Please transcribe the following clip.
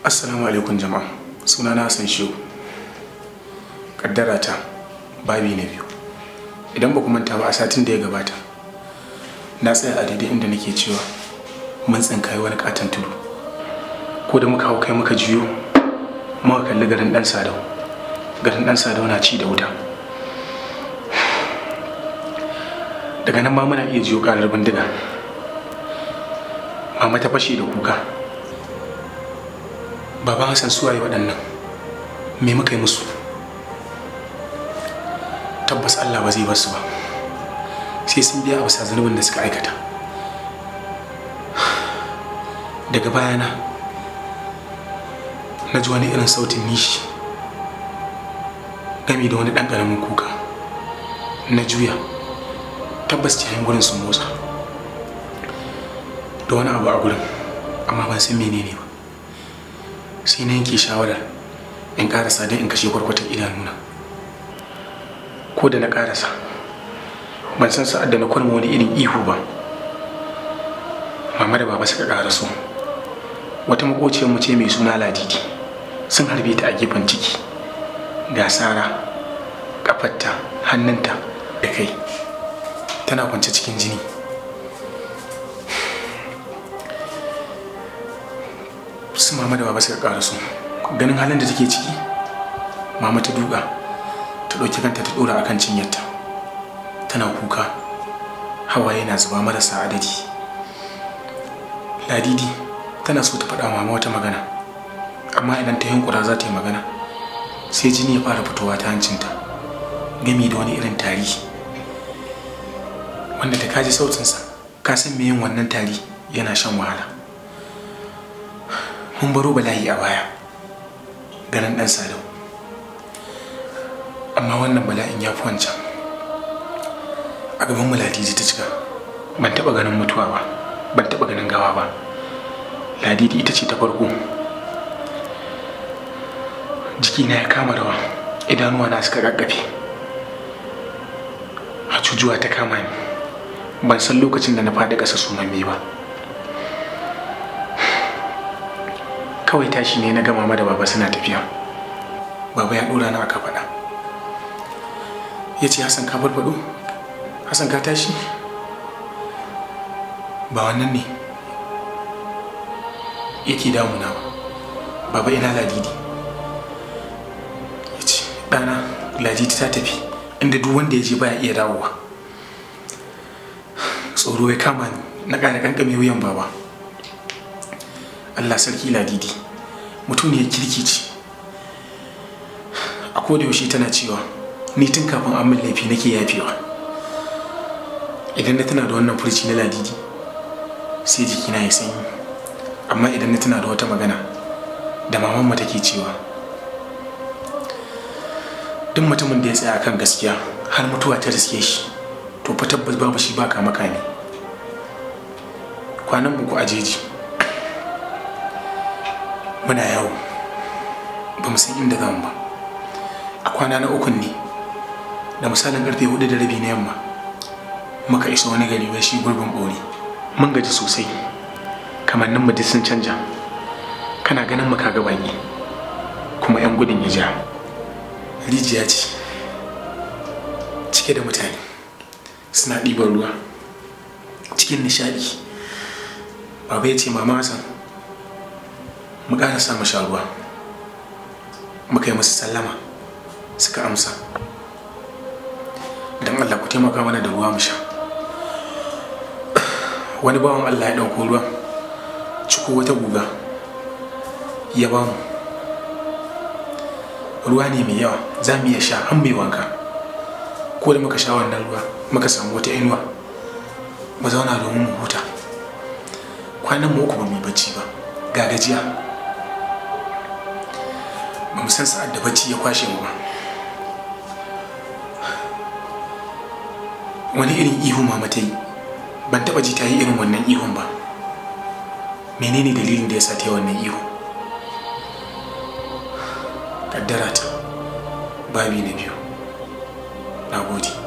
Assalamu alaikum jama'a. Suna na Hassan Shehu. Kaddara ta babi na biyu. Idan ba ku manta ba a satin da ya gabata. Na tsaya a daidai inda nake cewa mun tsinkaye wani katon tudu. Ko da muka hau kai muka jiyo muka kalli garin Dan Sadau. Garin Dan Sadau na ci da wuta. Daga nan ma muna iya jiyo karar bindiga. Mama ta fashe da kuka. Baba hassan suwaye waɗannan me muka yi musu tabbas allah ba zai basu ba sai sun biya a bisa zunubin da suka aikata daga bayana na ji wani irin sautin nishi gami da wani ɗan kuka na juya tabbas ciyayin gurin sun motsa da wani abu a gurin amma ban san menene ba sai na yanke shawarar in karasa don in kashe kwarkwatan idanuna ko da na karasa ban san sa'ad da na kwarma wani irin ihu ba mama da baba suka karaso wata mu ce mai suna ladidi sun harbe ta a gefen ciki ga sara kafarta hannunta da kai tana kwance cikin jini su mama da baba suka ƙara su ganin halin da take ciki mama ta duka ta ɗauki kanta ta ɗora akan cinyarta tana kuka hawa yana zuba marasa adadi ladidi tana so ta faɗa mama wata magana amma idan ta yankura za ta yi magana sai jini ya fara fitowa ta hancinta gami da wani irin tari wanda da kaji sautinsa ka san me yin wannan tari yana shan wahala mun baro bala'i a baya ganin ɗan sadau amma wannan bala'in ya fi wancan a gaban Ladi ladidi ta cika ban taɓa ganin mutuwa ba ban taɓa ganin gawa ba ladidi ita ce ta farko jikina ya kama rawa idanuwa na suka ƙaƙƙafe a cujuwa ta kama ni ban san lokacin da na faɗi ƙasa sunan ba kawai tashi ne na ga mama da baba suna tafiya baba ya dora na aka faɗa ya ce hassan ka farfaɗo hassan ka tashi ba wannan ne yake damuna ba baba ina ladidi ya ce ɗana ladidi ta tafi inda duk wanda ya je baya iya dawowa tsoro ya kama ni na ƙara ƙanƙame wuyan baba Allah sarki ladidi ya kirki ce a yaushe tana cewa ni tun kafin an min laifi nake yafewa idan na tana da wannan furci na ladidi sai jikina ya sanyi amma idan na tana da wata magana da mamanmu take cewa duk mutumin da ya tsaya kan gaskiya har mutuwa ta riske shi to fa tabbas babu shi ba kama ne kwanan mu ku ajeji muna yawo ba mu san inda zamu ba a kwana na ukun ne da misalin karfe hudu da rabi na yamma muka isa wani gari wai shi gurbin bori mun gaji sosai nan mu duk sun canja kana ganin mu kaga baki kuma yan gudun hijira rijiya ce cike da mutane suna ɗiban ruwa cikin nishaɗi baba ya ce mama hassan mu sa mu sha ruwa muka yi musu sallama suka amsa don allah ku taimaka mana da ruwa mu sha wani bawan allah ya ɗauko ruwan ciko wata guga ya ba mu ruwa ne mai yawa za mu iya sha an mai wanka ko da muka sha wannan ruwa muka samu wata inuwa mu zauna domin mu huta kwanan mu uku ba mu yi bacci ba gagajiya ba mu san sa'ad da bacci ya kwashe mu ba wani irin ihu mama ban taɓa ji ta yi irin wannan ihun ba menene dalilin da ya sa ta yi wannan ihu kaddara ta babi na biyu na gode